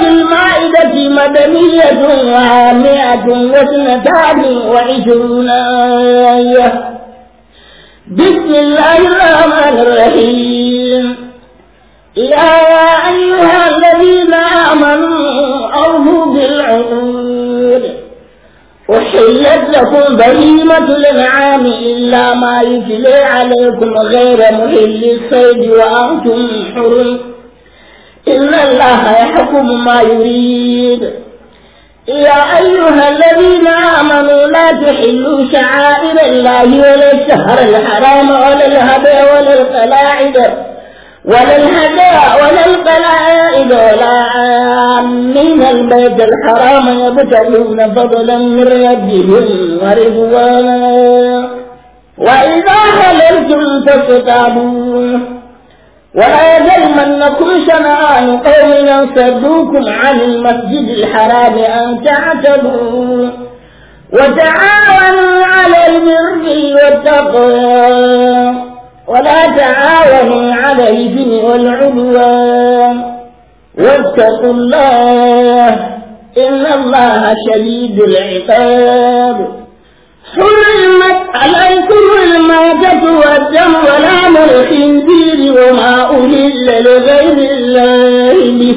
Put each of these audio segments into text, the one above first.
سورة المائدة مدنية وعامئة واثنتان وعشرون آية بسم الله الرحمن الرحيم يا أيها الذين آمنوا أوفوا بالعقول أحلت لكم بهيمة الأنعام إلا ما يتلي عليكم غير محل الصيد وأنتم حرم إن الله يحكم ما يريد يا أيها الذين آمنوا لا تحلوا شعائر الله ولا الشهر الحرام ولا الهدى ولا القلاعد ولا الهدى ولا القلاعد ولا عامين البيت الحرام يبتغون فضلا من ربهم ورضوانا وإذا حللتم فاصطادوا ولا يجرمنكم شنآن قوم أن صدوكم عن المسجد الحرام أن تعتدوا وتعاونوا على البر والتقوى ولا تعاونوا على الإثم والعدوان واتقوا الله إن الله شديد العقاب حرمت عليكم الموتة والدم ولحم الخنزير وما أهل لغير الله به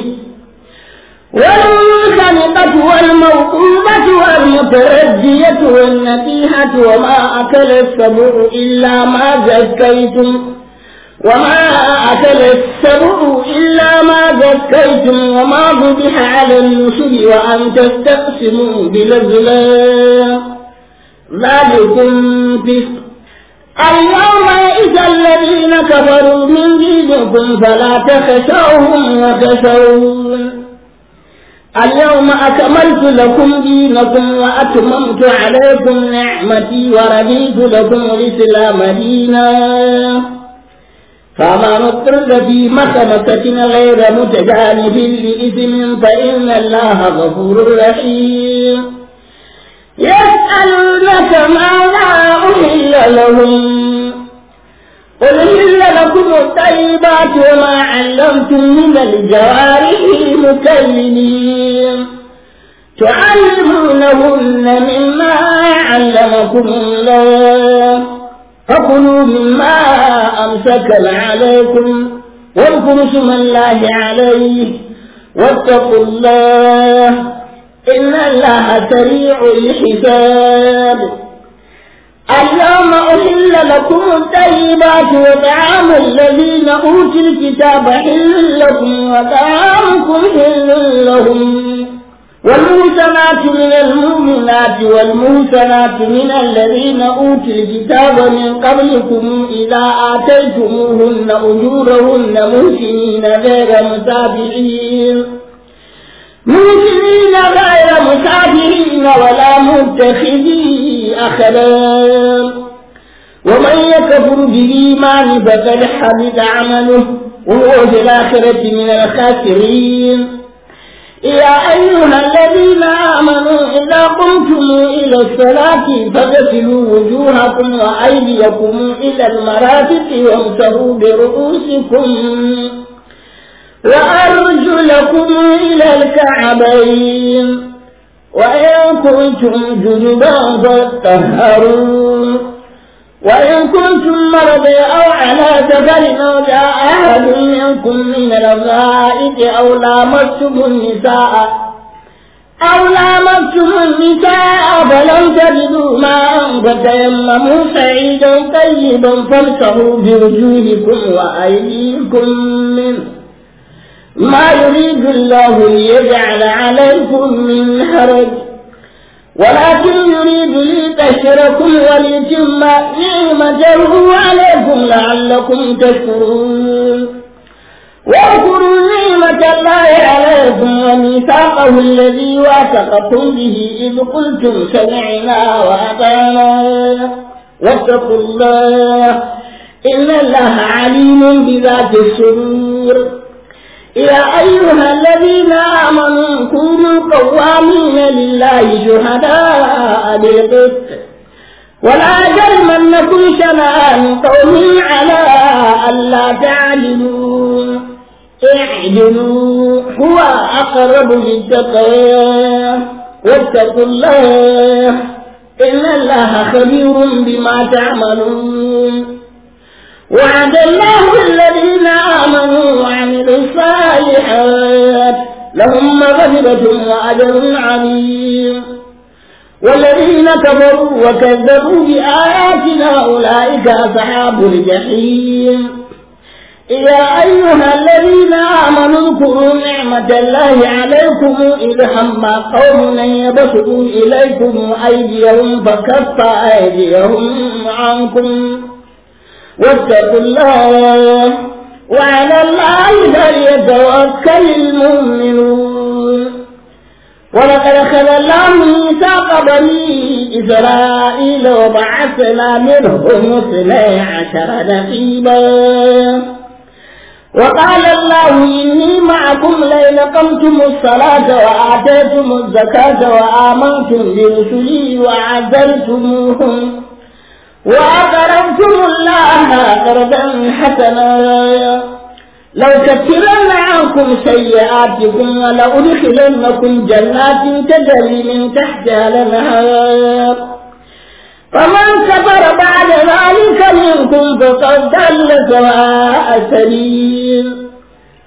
والمنخنقة والموقوبة والمتردية والنتيحة وما أكل السبع إلا ما زكيتم وما أكل السبع إلا ما زكيتم وما ذبح على النسل وأن تستقسموا بالأزلام ذلكم فسق اليوم إذا الذين كفروا من دينكم فلا تخشوهم وخشون اليوم أكملت لكم دينكم وأتممت عليكم نعمتي ورديت لكم الإسلام دينا فما اضطر في مخمسة غير متجانب لإثم فإن الله غفور رحيم يسألونك ماذا أهل لهم قل أهل لكم الطيبات وما علمتم من الجوارح المكلمين تعلمونهن مما علمكم الله فكلوا مما أمسكن عليكم واذكروا اسم الله عليه واتقوا الله إن الله سريع الحساب اليوم أحل لكم الطيبات وطعام الذين أوتوا الكتاب حل لكم وطعامكم حل لهم والمحسنات من المؤمنات والمحسنات من الذين أوتوا الكتاب من قبلكم إذا آتيتموهن أجورهن محسنين غير مسافرين مسلمين غير مسافرين ولا متخذي أخلاق ومن يكفر بالإيمان فقد حبط عمله وهو في الآخرة من الخاسرين يا أيها الذين آمنوا إذا قمتم إلى الصلاة فاغسلوا وجوهكم وأيديكم إلى المرافق وامسحوا برؤوسكم وأرجلكم إلى الكعبين وإن كنتم جنبا فاتهروا وإن كنتم مرضى أو على سفر أو جاء أحد منكم من الغائط أو لامستم النساء أو لامستم النساء فلم تجدوا ماء فتيمموا سعيدا طيبا فامسحوا بوجوهكم وأيديكم منه ما يريد الله ليجعل عليكم من حرج ولكن يريد ليبشركم وليتم نعمته عليكم لعلكم تشكرون واذكروا نعمة الله عليكم وميثاقه الذي واثقكم به إذ قلتم سمعنا وأطعنا واتقوا الله إن الله عليم بذات الصدور يا أيها الذين آمنوا كونوا قوامين لله شهداء بالقسط ولا جرمنكم شنآن قوم على ألا تعلموا اعدلوا هو أقرب للتقوى واتقوا الله إن الله خبير بما تعملون وعد الله الذين آمنوا وعملوا الصالحات لهم مغفرة وأجر عظيم والذين كفروا وكذبوا بآياتنا أولئك أصحاب الجحيم يا أيها الذين آمنوا اذكروا نعمة الله عليكم إذ هم قوم أن يبسطوا إليكم أيديهم فكف أيديهم عنكم واتقوا الله وعلى الله فليتوكل المؤمنون ولقد أخذ الله ميثاق بني إسرائيل وبعثنا منهم اثني عشر نقيبا وقال الله إني معكم لئن أقمتم الصلاة وآتيتم الزكاة وآمنتم برسلي وعذرتموهم وأقرضتم الله قرضا حسنا لو كفرن عنكم سيئاتكم ولأدخلنكم جنات تجري من تحتها الأنهار فمن كفر بعد ذلك منكم فقد ضل سواء السبيل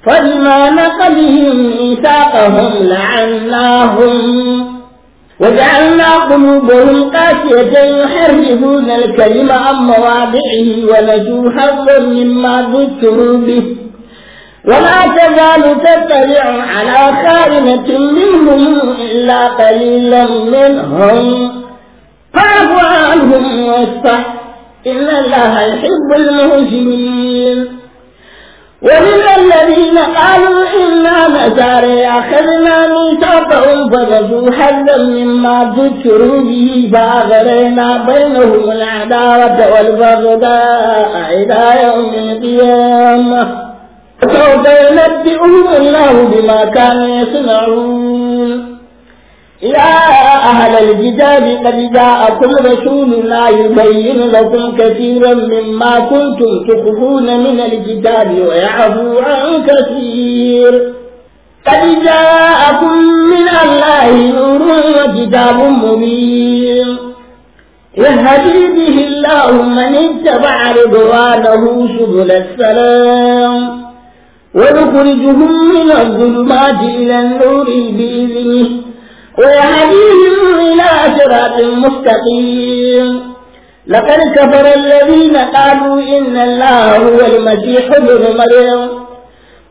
فبما نقلهم ميثاقهم لعناهم وجعلنا قلوبهم قاسية يحرفون الكلم عن مواضعه ونسوا حظا مما ذكروا به ولا تزال تتبع على خائنة منهم إلا قليلا منهم فاعف عنهم واصفح إن الله يحب المحسنين ومن الذين قالوا إنا نزاري أخذنا ميثاقهم فغزوا حدا مما ذكروا به فأغرينا بينهم العداوة والبغضاء إلى يوم القيامة وسوف ينبئهم الله بما كانوا يصنعون يا أهل الكتاب قد جاءكم رسول الله يبين لكم كثيرا مما كنتم تخفون من الكتاب ويعفو عن كثير قد جاءكم من الله نور وكتاب مبين يهدي به الله من اتبع رضوانه سبل السلام ويخرجهم من الظلمات إلى النور بإذنه ويهديهم إلى صراط مستقيم لقد كفر الذين قالوا إن الله هو المسيح ابن مريم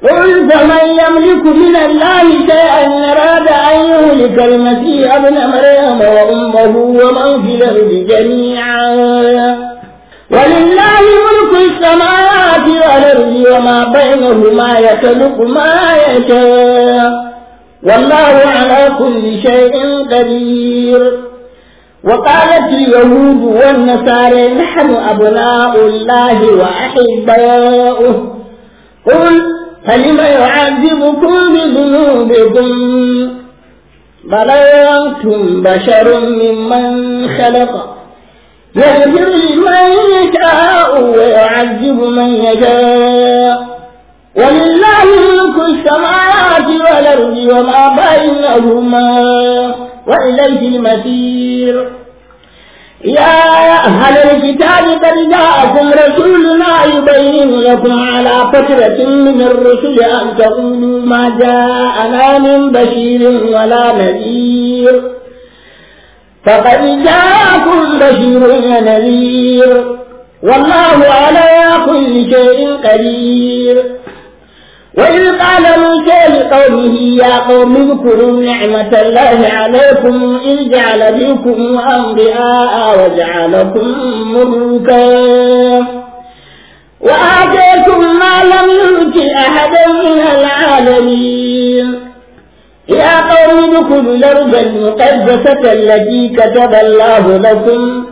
قل فمن يملك من الله شيئا أراد أن يهلك المسيح ابن مريم وأمه ومن في الأرض جميعا ولله ملك السماوات والأرض وما بينهما يخلق ما يشاء والله على كل شيء قدير وقالت اليهود والنصارى نحن أبناء الله وأحباؤه قل فلم يعذبكم بذنوبكم بل أنتم بشر ممن خلق يغفر لمن يشاء ويعذب من يشاء ولله ملك السماوات والأرض وما بينهما وإليه المسير يا أهل الكتاب قد جاءكم رسولنا يبين لكم على فترة من الرسل أن تقولوا ما جاءنا من بشير ولا نذير فقد جاءكم بشير ونذير والله على كل شيء قدير وإذ قال موسى لقومه يا قوم اذكروا نعمة الله عليكم إذ جعل فيكم أنبياء وجعلكم ملوكا وآتيكم ما لم يؤت أحدا من العالمين يا قوم ادخلوا الأرض المقدسة التي كتب الله لكم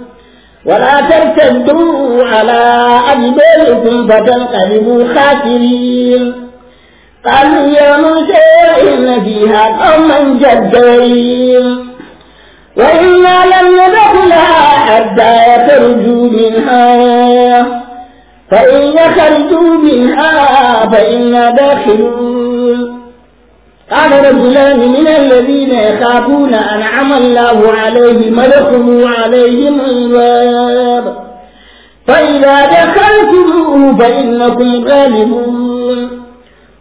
ولا ترتدوا على أدباركم فتنقلبوا خاسرين قال يا موسى إن فيها قوما جبارين وإنا لم ندخلها حتى يخرجوا منها فإن يخرجوا منها فإنا داخلون قال رجلان من الذين يخافون أنعم الله عليهم ادخلوا عليهم الباب فإذا دخلتموه فإنكم غالبون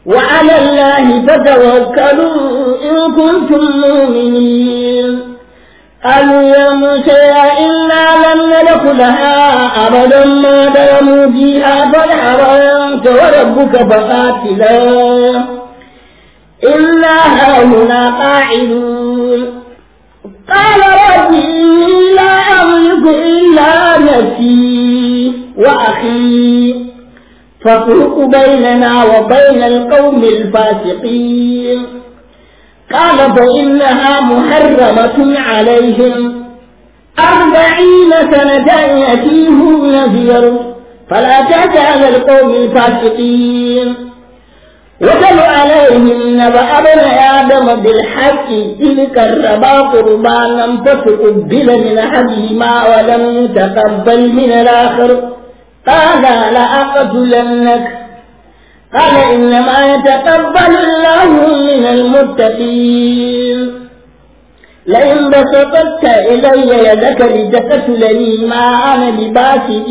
وعلى الله فتوكلوا إن كنتم مؤمنين أن شيء إنا لم ندخلها أبدا ما داموا فيها أنت وربك فقاتلا إلا هاهنا قاعدون قال ربي لا أملك إلا نفسي وأخي فافرق بيننا وبين القوم الفاسقين قال فإنها محرمة عليهم أربعين سنة يأتيهم نذير فلا تأتى على القوم الفاسقين وقال عليهم نبأ ابن آدم بالحق إذ كربا قربانا فتقبل من أحدهما ولم يتقبل من الآخر قال لأقتلنك قال إنما يتقبل الله من المتقين لئن بسطت إلي يدك لتقتلني ما أنا بباسط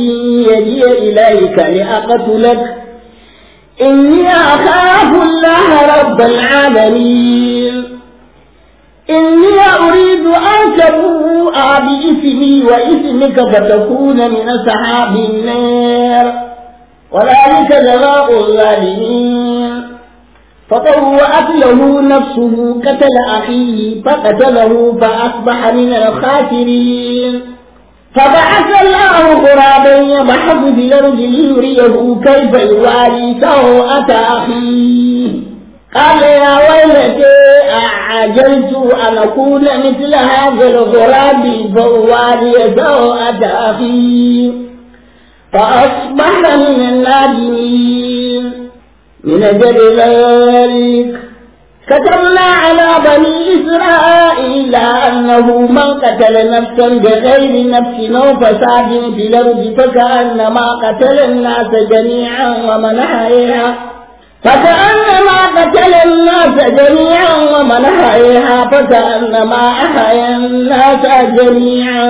يدي إليك لأقتلك إني أخاف الله رب العالمين إني أريد أن تبوء بإثمي وإثمك فتكون من أصحاب النار وذلك جزاء الظالمين فطوعت له نفسه قتل أخيه فقتله فأصبح من الخاسرين فبعث الله غرابا يبحث في الأرض ليريه كيف يواري سوءة أخيه قال يا ويلتي أعجلت أن أكون مثل هذا الغراب فوالي ذو أدافي فأصبح من النادمين من أجل ذلك كتبنا على بني إسرائيل أنه من قتل نفسا بغير نفس أو فساد في الأرض فكأنما قتل الناس جميعا ومن عليها فكأنما قتل الناس جميعا ومن أحياها فكأنما أحيا الناس جميعا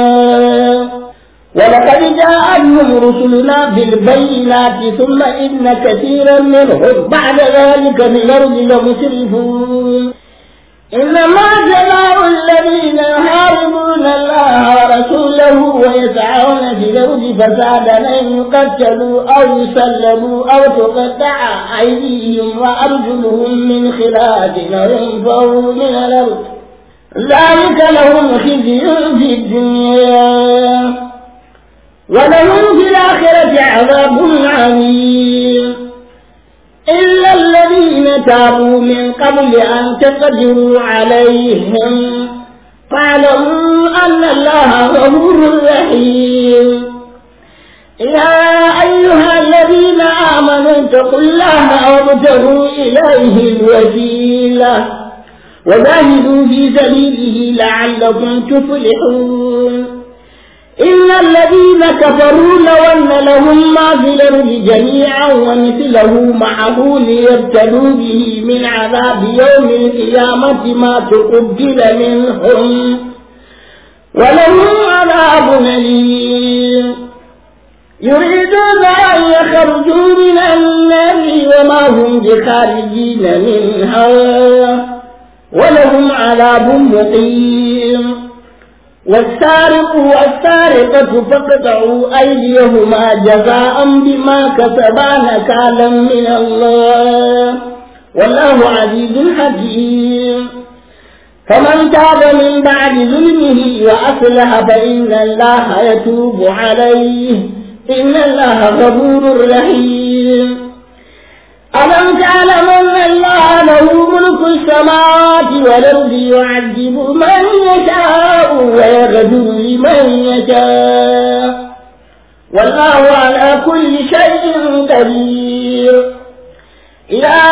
ولقد جاءتهم رسلنا بالبينات ثم إن كثيرا منهم بعد ذلك من الأرض لمسرفون إنما جزاء الذين يحاربون الله ورسوله ويسعون في الأرض فسادا أن يقتلوا أو يسلموا أو تقطع أيديهم وأرجلهم من خلاف أو ينفوا من الأرض ذلك لهم خزي في الدنيا ولهم في الآخرة عذاب عظيم تابوا من قبل أن تقدروا عليهم فاعلموا أن الله غفور رحيم يا أيها الذين آمنوا اتقوا الله وابتغوا إليه الوسيلة وجاهدوا في سبيله لعلكم تفلحون إن الذين كفروا لو أن لهم ما في الأرض جميعا ومثله معه ليبتلوا به من عذاب يوم القيامة ما تقبل منهم ولهم عذاب أليم يريدون أن يخرجوا من النار وما هم بخارجين منها ولهم عذاب مقيم والسارق والسارقة فاقطعوا أيديهما جزاء بما كسبا نكالا من الله والله عزيز حكيم فمن تاب من بعد ظلمه وأصلح فإن الله يتوب عليه إن الله غفور رحيم ألم تعلم أن الله له ملك السماوات والأرض يعذب من يشاء ويغدو لمن يشاء والله على كل شيء قدير يا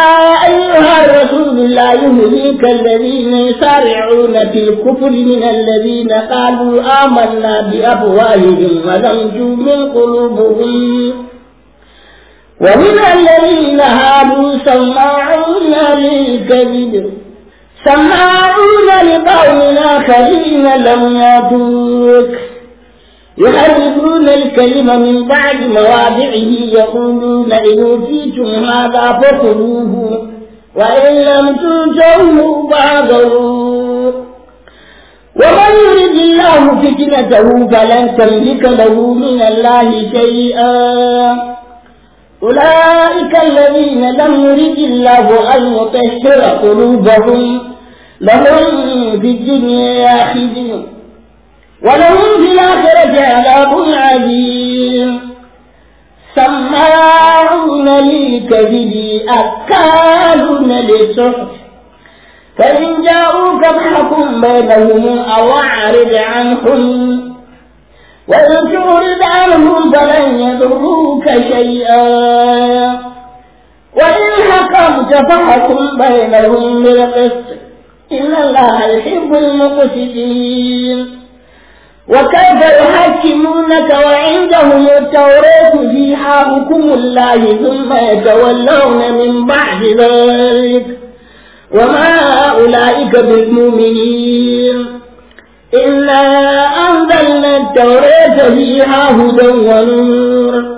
أيها الرسول لا يهديك الذين يسارعون في الكفر من الذين قالوا آمنا بأفواههم ونرجو من قلوبهم ومن الذين هادوا سماعون للكذب سماعون لقوم آخرين لم يأتوك يحرفون الكلمة من بعد مواضعه يقولون إن أوتيتم هذا فخذوه وإن لم تؤتوه فاعذروا ومن يرد الله فتنته فلن تملك له من الله شيئا أولئك الذين لم يرد الله أن يطهر قلوبهم لهم في الدنيا خزي ولهم في الآخرة عذاب عظيم سماعون للكذب أكالون للسحر فإن جاءوك فاحكم بينهم أو أعرض عنهم وإن تعرض عنهم فلن يضروك شيئا وإن حكمت فاحكم بينهم بالقسط إن الله يحب المقسطين وكيف يحكمونك وعندهم التوراة فيها حكم الله ثم يتولون من بعد ذلك وما أولئك بالمؤمنين إنا أنزلنا التوراة فيها هدى ونور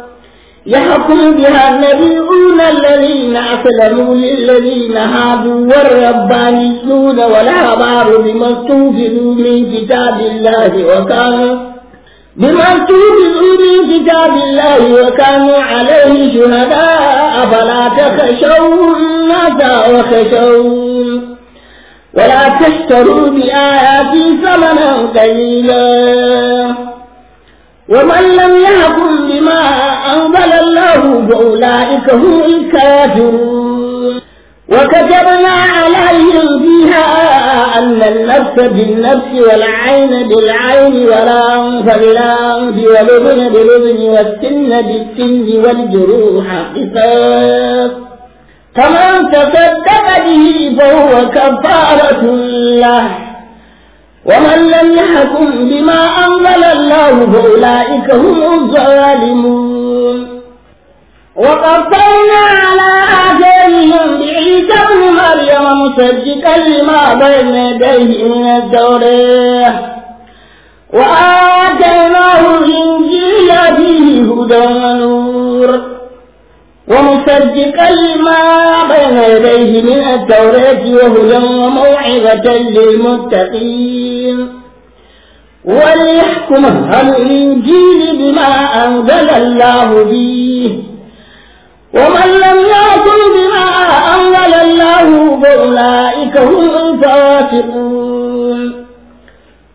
يحكم بها النبيون الذين أسلموا للذين هادوا والربانيون والأحبار بما استوفدوا من كتاب الله وكانوا بما استوفدوا من كتاب الله وكانوا عليه شهداء فلا تخشون الناس وخشون ولا تشتروا بآياتي ثمنا قليلا ومن لم يحكم بما أنزل الله فأولئك هم الكافرون وكتبنا عليهم فيها أن النفس بالنفس والعين بالعين والأنف بالأنف والأذن بالأذن والسن بالسن والجروح قصاص فمن تصدق به فهو كفارة له ومن لم يحكم بما أنزل الله فأولئك هم الظالمون وقطعنا على آثارهم بعيسى ابن مريم مصدقا لما بين يديه من الدورة وآتيناه الإنجيل فيه هدى ونور ومصدقا لما بين يديه من التوراة وهدى وموعظة للمتقين وليحكم أهل الإنجيل بما أنزل الله فيه ومن لم يحكم بما أنزل الله فأولئك هم الفاسقون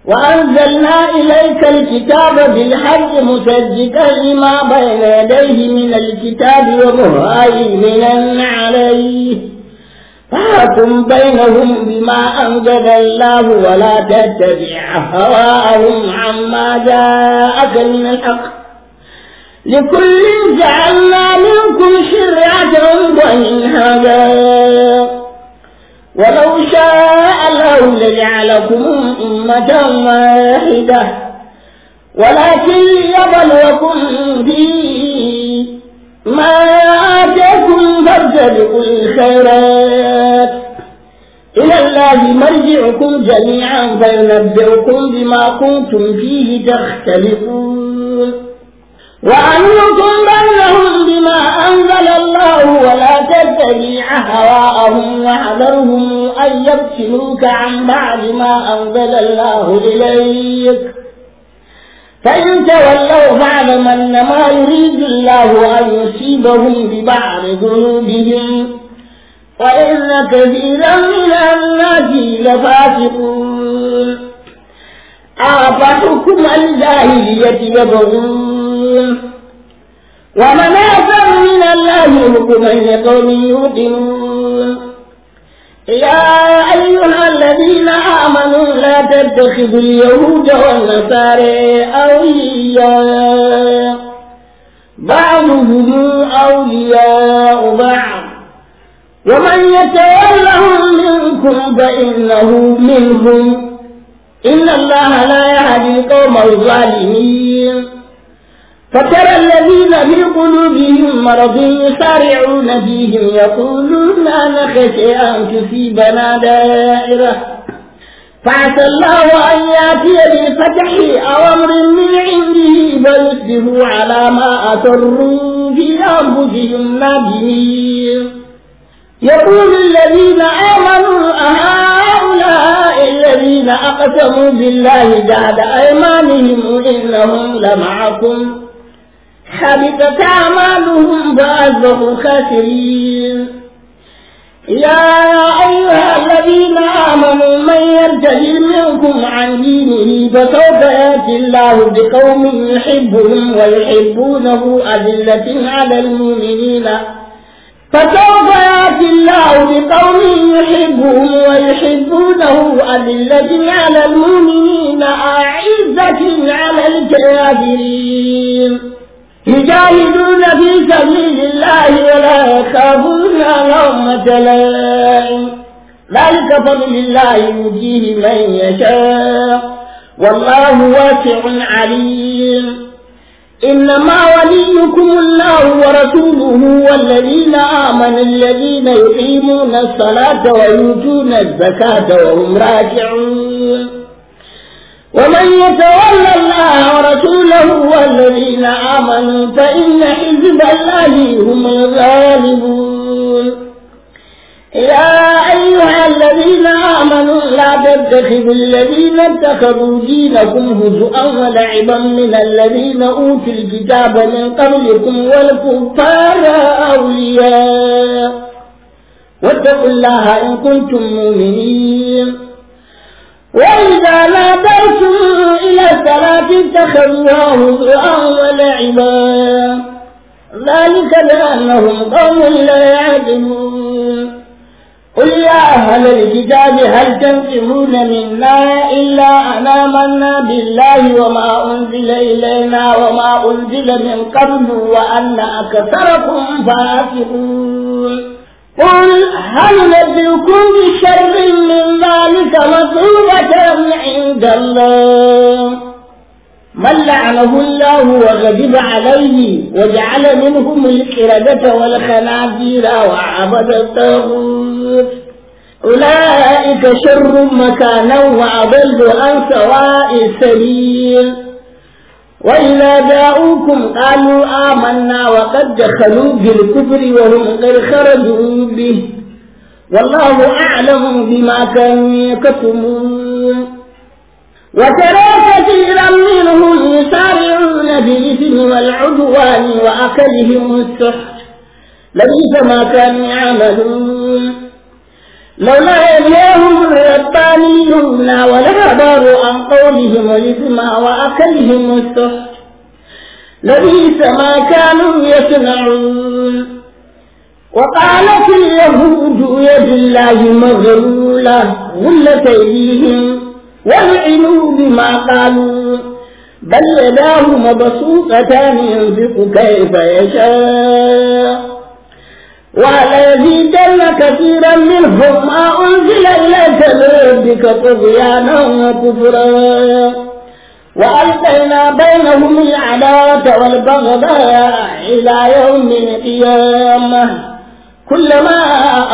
وأنزلنا إليك الكتاب بالحق مصدقا لما بين يديه من الكتاب ومهيمنا عليه فحكم بينهم بما أنزل الله ولا تتبع أهواءهم عما جاءك من الحق لكل جعلنا منكم شرعة ومنهجا ولو شاء الله لجعلكم أمة واحدة ولكن ليبلوكم به ما آتاكم فَارْتَبِقُوا الخيرات إلى الله مرجعكم جميعا فينبئكم بما كنتم فيه تختلفون وأن يكن بينهم بما أنزل الله ولا تتبع أهواءهم واحذرهم أن يفتنوك عن بعد ما أنزل الله إليك فإن تولوا فاعلم أنما يريد الله أن يصيبهم ببعض ذنوبهم وإن كثيرا من الناس لفاسقون أعطتكم الجاهلية يبغون ومن من الله حكما لقوم يوقنون يا أيها الذين آمنوا لا تتخذوا اليهود والنصارى أولياء بعضهم أولياء بعض ومن يتولهم منكم فإنه منهم إن الله لا يهدي القوم الظالمين فترى الذين في قلوبهم مرض يسارعون فيهم يقولون نخشى أن تصيبنا دائرة فعسى الله أن يأتي بالفتح أو أمر من عنده فيصبحوا على ما أسروا في أنفسهم نادمين يقول الذين آمنوا أهؤلاء الذين أقسموا بالله بعد أيمانهم إنهم لمعكم حبطت أعمالهم فأصبحوا خاسرين يا أيها الذين آمنوا من يرتد منكم عن دينه فسوف يأتي الله بقوم يحبهم ويحبونه أذلة على المؤمنين فسوف يأتي الله بقوم يحبهم ويحبونه أذلة على المؤمنين أعزة على الكافرين يجاهدون في سبيل الله ولا يخافون لهم تلائم ذلك فضل الله يؤتيه من يشاء والله واسع عليم إنما وليكم الله ورسوله والذين آمنوا الذين يقيمون الصلاة ويؤتون الزكاة وهم راجعون ومن يتولى الله ورسوله والذين آمنوا فإن حزب الله هم الغالبون يا أيها الذين آمنوا لا تتخذوا الذين اتخذوا دينكم هزءا ولعبا من الذين أوتوا الكتاب من قبلكم والكفار أولياء واتقوا الله إن كنتم مؤمنين وإذا ناديتم إلى الصلاة اتخذوها هزوا ولعبا ذلك لأنهم قوم لا يعلمون قل يا أهل الكتاب هل تنكرون منا إلا أن آمنا بالله وما أنزل إلينا وما أنزل من قبل وأن أكثركم فاسقون قل هل نبئكم بشر من ذلك مثوبة عند الله من لعنه الله وغضب عليه وجعل منهم القردة والخنازير وعبد الطاغوت أولئك شر مكانا وأضل عن سواء السبيل وإذا جاءوكم قالوا آمنا وقد دخلوا بالكفر وهم قد خرجوا به والله أعلم بما كانوا يكتمون وترى كثيرا منهم يسارعون بالإثم والعدوان وأكلهم السحت لبئس ما كانوا يعملون لولا يديهم ربانيهم لا ولعبروا عن قولهم وإثما وأكلهم السحر لبئس ما كانوا يصنعون وقالت اليهود يد الله مغلولة غلت أيديهم ولعنوا بما قالوا بل يداه مبسوطتان ينفق كيف يشاء وليزيدن كثيرا منهم ما أنزل إليك من ربك طغيانا وكفرا وألقينا بينهم العداوة والبغضاء إلى يوم القيامة كلما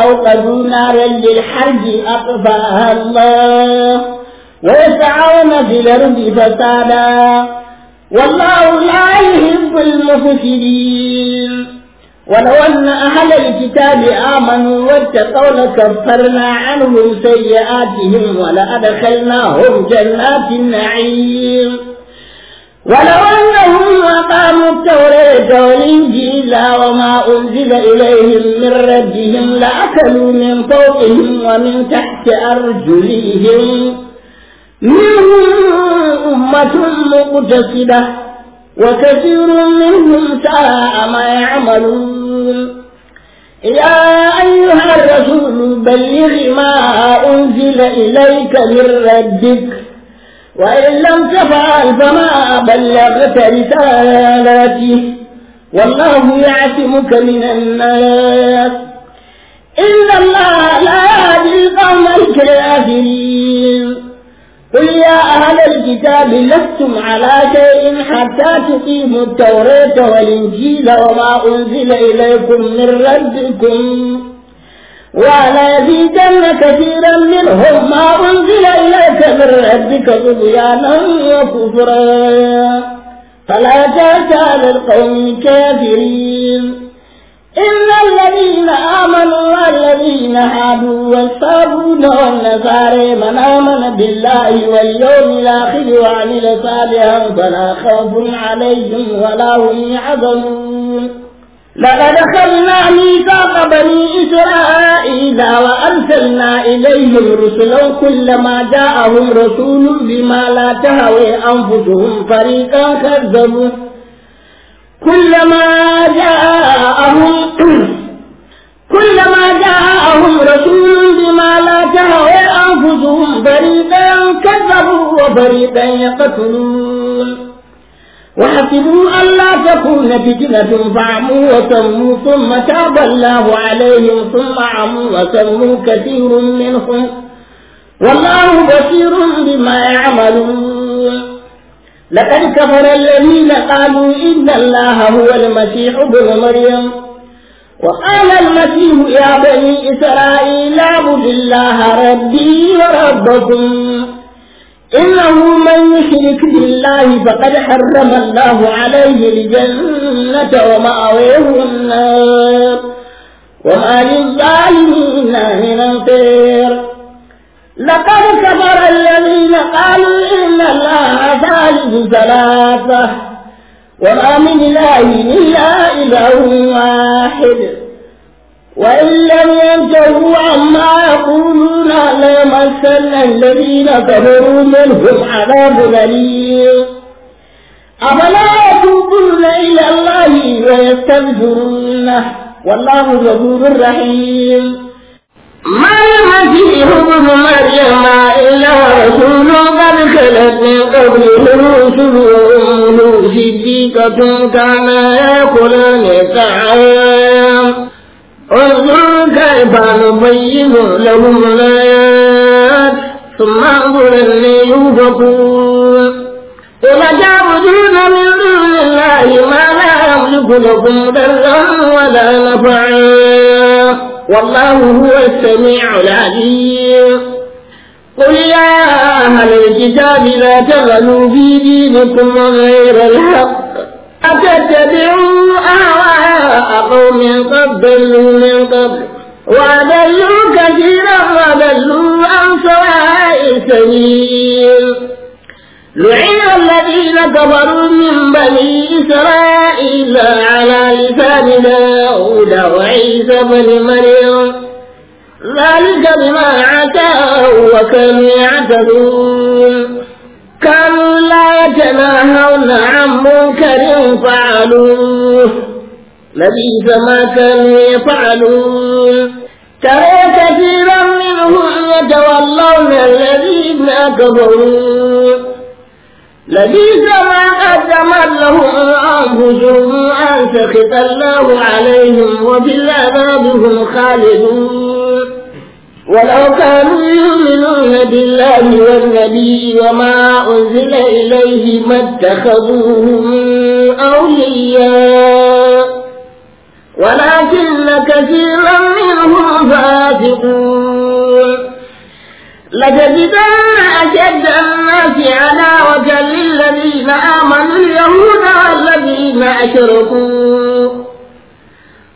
أوقدوا نارا للحرج أطفأها الله ويسعون في الأرض فسادا والله لا يحب المفسدين ولو أن أهل الكتاب آمنوا واتقوا لكفرنا عنهم سيئاتهم ولأدخلناهم جنات النعيم ولو أنهم أقاموا التوراة والإنجيل وما أنزل إليهم من ربهم لأكلوا من فوقهم ومن تحت أرجلهم منهم أمة مقتصدة وكثير منهم ساء ما يعملون يا أيها الرسول بلغ ما أنزل إليك من ربك وإن لم تفعل فما بلغت رسالاته والله يعصمك من الناس إن الله لا يهدي القوم الكافرين قل يا أهل الكتاب لستم على شيء حتى تقيموا التوراة والإنجيل وما أنزل إليكم من ربكم ولا يزيدن كثيرا منهم ما أنزل إليك من ربك طغيانا وكفرا فلا تأتى للقوم الكافرين إن الذين آمنوا والذين هادوا والصابون والنصارى من آمن بالله واليوم الآخر وعمل صالحا فلا خوف عليهم ولا هم يحزنون لقد أخذنا ميثاق بني إسرائيل وأرسلنا إليهم رسلا كلما جاءهم رسول بما لا تهوي أنفسهم فريقا كذبوا كلما جاءهم كلما جاءهم رسول بما لا تهوى أنفسهم فريقا كذبوا وفريقا يقتلون وحسبوا ألا تكون فتنة فعموا وسموا ثم تاب الله عليهم ثم عموا وسموا كثير منهم والله بصير بما يعملون لقد كفر الذين قالوا إن الله هو المسيح ابن مريم وقال المسيح يا بني إسرائيل اعبدوا الله ربي وربكم إنه من يشرك بالله فقد حرم الله عليه الجنة ومأويه النار وما للظالمين من أنصار لقد كفر الذين قالوا إن الله ثالث ثلاثة وما من إله إلا إله واحد وإن لم ينتهوا عما يقولون ليمثل الذين كفروا منهم عذاب أليم أفلا يتوبون إلى الله ويستغفرونه والله غفور رحيم ما المسيح ابن مريم إلا رسول قد خلت من قبله الرسل وأمه صديقة كانا يأكلان الطعام انظر كيف نبين لهم الآيات ثم انظر أني يوفقون إذا تعبدون من دون الله ما لا يملك لكم ضرا ولا نفعا والله هو السميع العليم قل يا أهل الكتاب لا تغلوا في دينكم غير الحق أتتبعوا أهواء قوم قد ضلوا من قبل وأضلوا كثيرا وضلوا عن سواء السبيل لعن الذين كفروا من بني إسرائيل على لسان داود وعيسى بن مريم ذلك بما عتاوا وكانوا يعتدون كانوا لا يتناهون عن منكر فعلوه لبئس ما كانوا يفعلون ترى كثيرا منهم يتولون الذين كفروا لبيس ما قدم لهم أنفسهم أن سخط الله عليهم وفي العذاب هم خالدون ولو كانوا يؤمنون بالله والنبي وما أنزل إليه ما اتخذوهم أولياء ولكن كثيرا منهم فاسقون لتجدن أشد الناس عداوة للذين آمنوا اليهود والذين أشركوا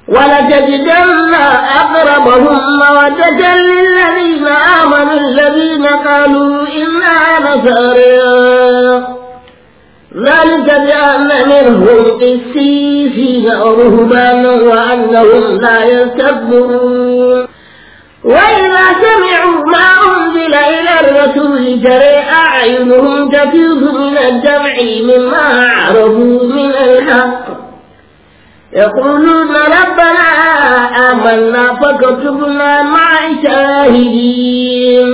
ولتجدن أقربهم مودة للذين آمنوا الذين قالوا إنا نصارى ذلك بأن منهم قسيسين ورهبانا وأنهم لا يستكبرون وإذا سمعوا ما أنزل إلى الرسول ترى أعينهم تفيض من الدمع مما عرفوا من الحق يقولون ربنا آمنا فاكتبنا مع الشاهدين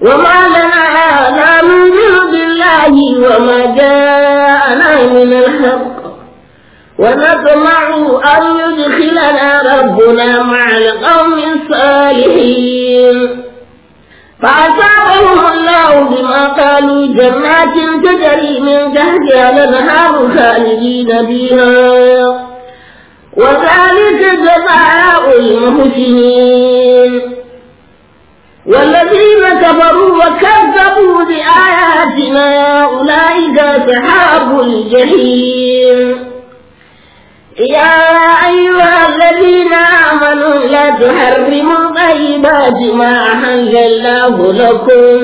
وما لنا لا نؤمن بالله وما جاءنا من الحق ونطمع أن يدخلنا ربنا مع القوم الصالحين فأصابهم الله بما قالوا جنات تجري من تحتها الأنهار خالدين فيها وذلك جزاء المحسنين والذين كفروا وكذبوا بآياتنا أولئك أصحاب الجحيم يا أيها الذين آمنوا لا تحرموا طيبات ما أحل الله لكم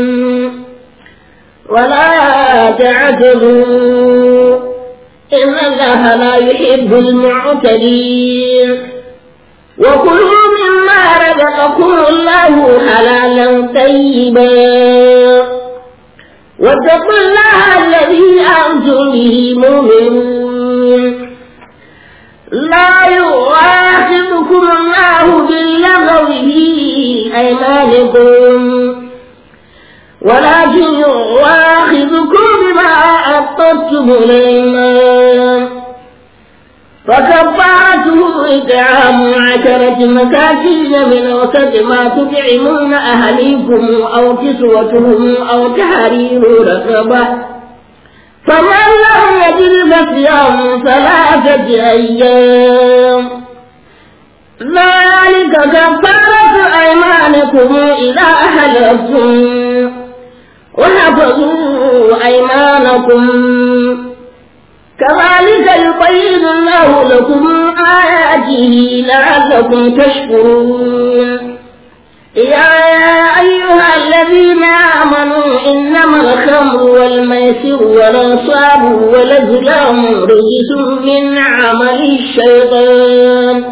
ولا تعتدوا إن الله لا يحب المعتدين وكلوا مما رزقكم الله حلالا طيبا واتقوا الله الذي أنتم به مؤمنون لا يؤاخذكم الله باللغو في أيمانكم ولكن يؤاخذكم بما أقدتم الأيمان فكفارته إطعام عشرة مساكين من وسط ما تطعمون أهليكم أو كسوتهم أو تحرير رقبة فمن لم يجد فصيام ثلاثة أيام ذلك كفارة أيمانكم إذا أهلكم وحفظوا أيمانكم كذلك يبين الله لكم آياته لعلكم تشكرون يا أيها الذين آمنوا إنما الخمر والميسر والأنصاب والأزلام رجس من عمل الشيطان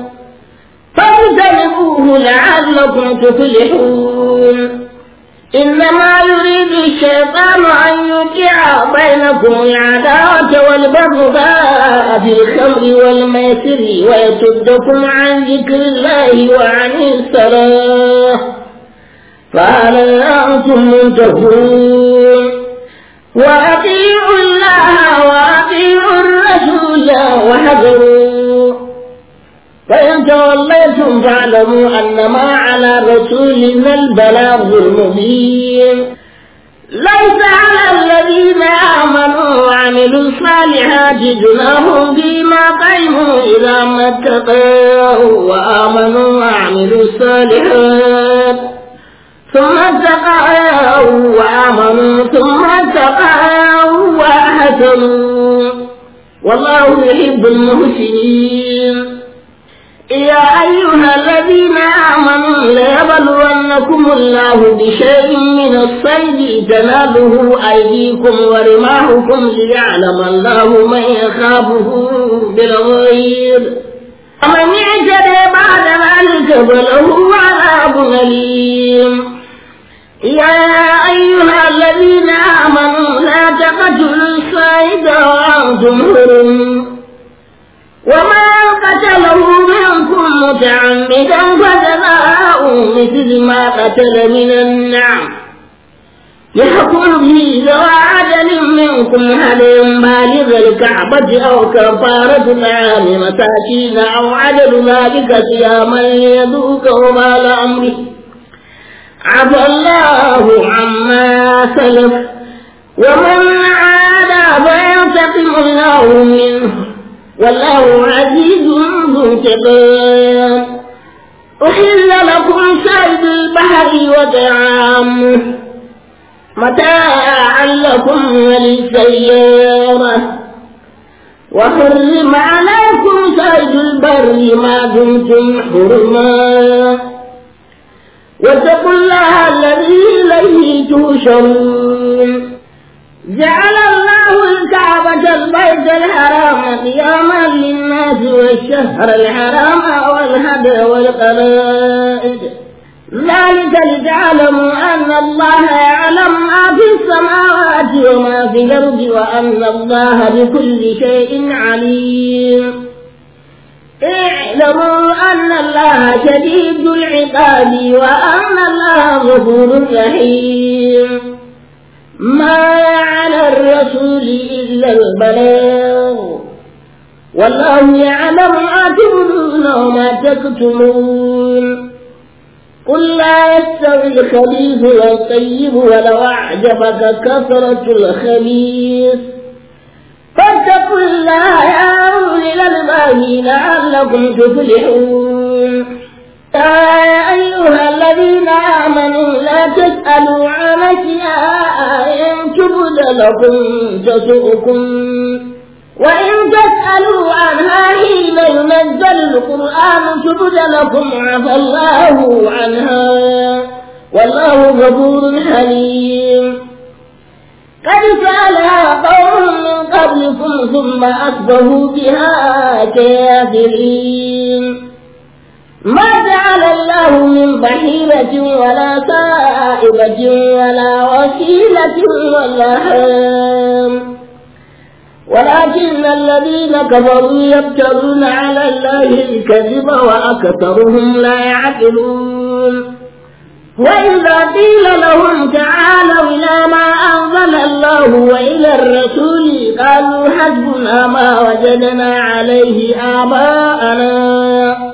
فاجتنبوه لعلكم تفلحون إنما يريد الشيطان أن يوقع بينكم العداوة والبغضاء في الخمر والميسر ويصدكم عن ذكر الله وعن الصلاة فهل أنتم منتهون وأطيعوا الله وأطيعوا الرسول وحذروا فإن توليتم فاعلموا أنما على رسولنا البلاغ المبين ليس على الذين آمنوا وعملوا الصالحات جناهم فيما قيموا إذا ما اتقوا وآمنوا وعملوا الصالحات ثم اتقوا وآمنوا ثم اتقوا وأحسنوا والله يحب المحسنين يا أيها الذين آمنوا ليبلونكم الله بشيء من الصيد تناله أيديكم ورماحكم ليعلم الله من يخافه بالغيب ومن يعتد بعد ذلك فله عذاب أليم يا أيها الذين آمنوا لا تقتلوا الصيد وأنتم حرم متعمدا فجزاء مثل ما قتل من النعم يحكم به ذوى عدل منكم هل بالغ الكعبة أو كفارة طعام مساكين أو عدل ذلك صياما ليذوق وبال أمره عفى الله عما سلف ومن عاد فينتقم الله منه والله عزيز منتقم أحل لكم صيد البحر وطعامه متاعا لكم وللسيارة وحرم عليكم صيد البر ما دمتم حرما واتقوا الله الذي إليه توشرون جعل الله الكعبة البيت الحرام قياما للناس والشهر الحرام والهدى والقلائد ذلك لتعلموا أن الله يعلم ما في السماوات وما في الأرض وأن الله بكل شيء عليم اعلموا أن الله شديد العقاب وأن الله غفور رحيم ما على الرسول إلا البلاغ والله يعلم ما تبدون وما تكتمون قل لا يستوي الخبيث والطيب ولو أعجبك كثرة الخبيث فاتقوا الله يا أولي الألباب لعلكم تفلحون يا أيها الذين آمنوا لا تسألوا عن أشياء إن تبد لكم تسؤكم وإن تسألوا عنها حين ينزل القرآن تبد لكم عفى الله عنها والله غفور حليم قد سألها قوم من قبلكم ثم أصبحوا بها كافرين ما جعل الله من بحيرة ولا سائبة ولا وسيلة ولا حام ولكن الذين كفروا يبتغون على الله الكذب وأكثرهم لا يعقلون وإذا قيل لهم تعالوا إلى ما أنزل الله وإلى الرسول قالوا حسبنا ما وجدنا عليه آباءنا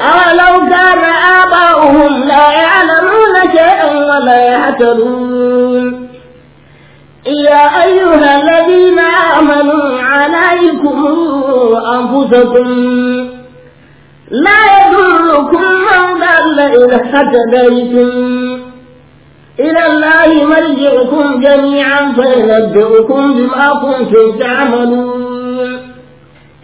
أولو كان آباؤهم لا يعلمون شيئا ولا يهتدون يا أيها الذين آمنوا عليكم أنفسكم لا يضركم من ضل إذا اهتديتم إلى الله مرجعكم جميعا فينبئكم بما كنتم تعملون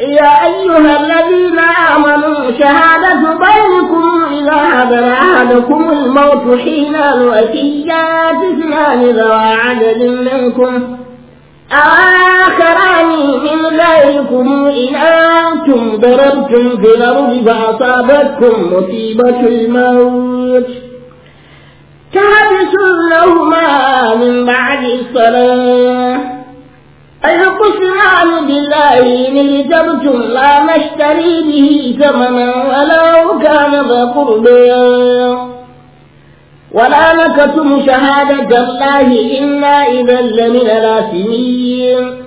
يا أيها الذين آمنوا شهادة بينكم إذا حضر أحدكم الموت حين الوكيات اثنان ذوى عدد منكم آخران من غيركم إن أنتم ضربتم في الأرض فأصابتكم مصيبة الموت تحبسونهما من بعد الصلاة أيقسم سنان بالله إن لتبتم لا نشتري به ثمنا ولو كان ذا قربا ولا نكتم شهادة الله إنا إذا لمن الآثمين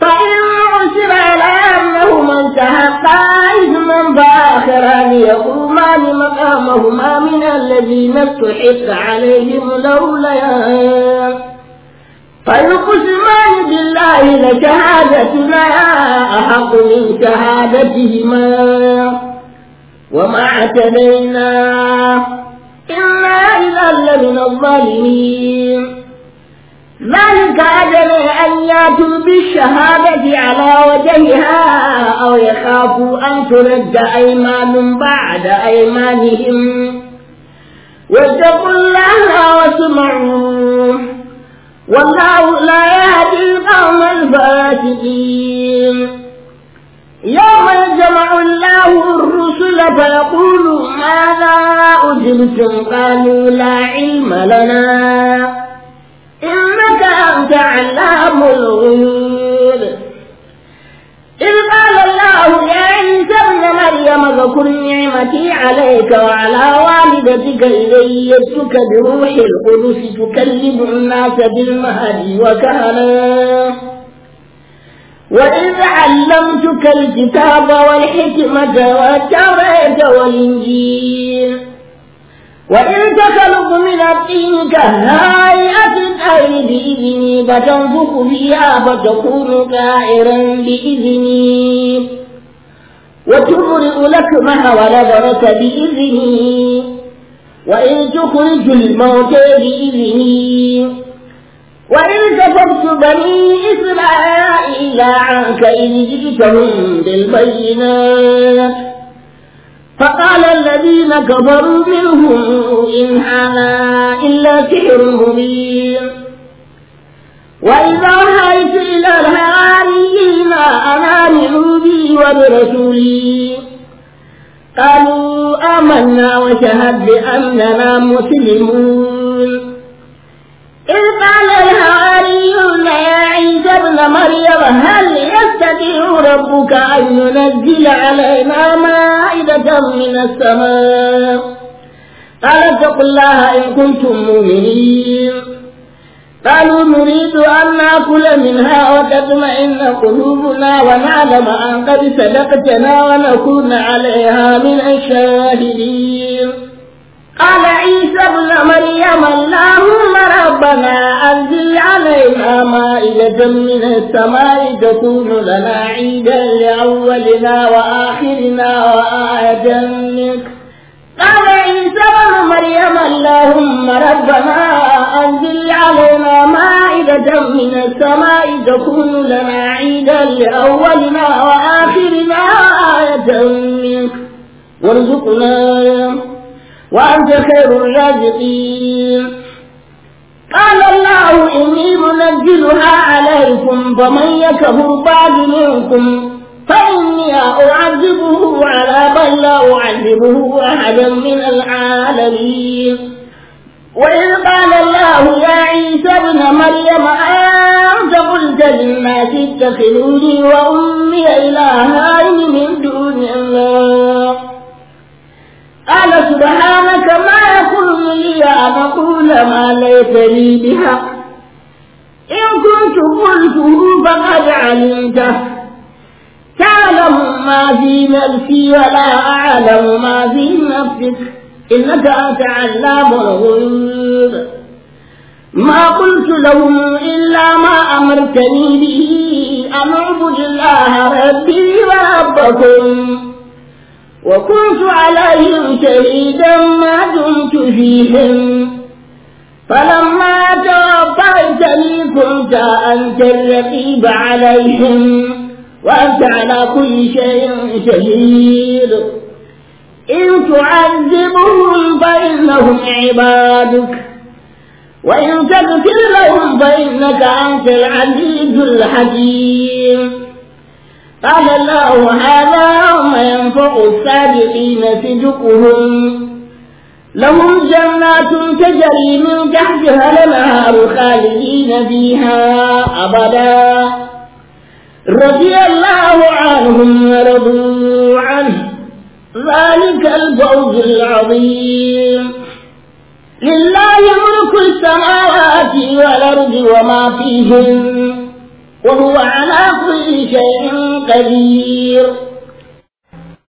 فإن عسر على أنهما التحقا إثما فآخران يقومان مقامهما من الذين استحق عليهم لولا فيقسمان بالله لشهادتنا أحق من شهادتهما وما اعتدينا إلا إذا لمن الظالمين ذلك أجل أن يأتوا بالشهادة على وجهها أو يخافوا أن ترد أيمان بعد أيمانهم واتقوا الله وسمعوا والله لا يهدي القوم الفاسقين يوم يجمع الله الرسل فيقول ماذا أجبتم قالوا لا علم لنا إنك أنت علام الغيوب إذ قال الله يا مريم فكل نعمتي عليك وعلى والدتك إذ أيدتك بروح القدس تكلم الناس بالمهد وكهلا وإذ علمتك الكتاب والحكمة والتوراة والإنجيل وإن تخلق من الطين كهيئة الطير بإذني فتنفخ فيها فتكون طائرا بإذني وتبرئ لكمها ونذرك بإذنه وإن تخرج الموتى بإذنه وإن كفرت بني إسرائيل عنك إن جئتهم بالبينات فقال الذين كفروا منهم إن هذا إلا سحر مبين وإذا رأيت إلى الحواريين أن آمنوا بي وبرسولي قالوا آمنا وشهد بأننا مسلمون إذ قال الحواريون يا عيسى ابن مريم هل يستطيع ربك أن ينزل علينا مائدة من السماء قال اتقوا الله إن كنتم مؤمنين أن نأكل منها وتطمئن قلوبنا ونعلم أن قد صدقتنا ونكون عليها من الشاهدين قال عيسى ابن مريم اللهم ربنا أنزل علينا مائدة من السماء تكون لنا عيدا لأولنا وآخرنا وآية منك قال عيسى بن مريم اللهم ربنا أنزل علينا مائدة من السماء تكون لنا عيدا لأولنا وآخرنا آية منك وارزقنا وأنت خير الرازقين قال الله إني منزلها عليكم فمن يكفر بعد منكم فإني أعذبه عذابا لا أعذبه أحدا من العالمين وإذ قال الله يا عيسى ابن مريم أنت قلت للناس اتخذوني وأمي إلهين من دون الله قال سبحانك ما يكون لي أن أقول ما ليس لي بحق إن كنت قلته فقد علمته تعلم ما في نفسي ولا أعلم ما في نفسك إنك أنت علام الغيوب ما قلت لهم إلا ما أمرتني به أن أعبد الله ربي وربكم وكنت عليهم شهيدا ما دمت فيهم فلما توفيتني كنت أنت الرقيب عليهم وأنت على كل شيء شهيد إن تعذبهم فإنهم عبادك وإن تغفر لهم فإنك أنت العزيز الحكيم قال الله هذا يوم ينفع الصادقين صدقهم لهم جنات تجري من تحتها الأنهار خالدين فيها أبدا رضي الله عنهم ورضوا عنه ذلك الفوز العظيم لله ملك السماوات والأرض وما فيهن وهو على كل شيء قدير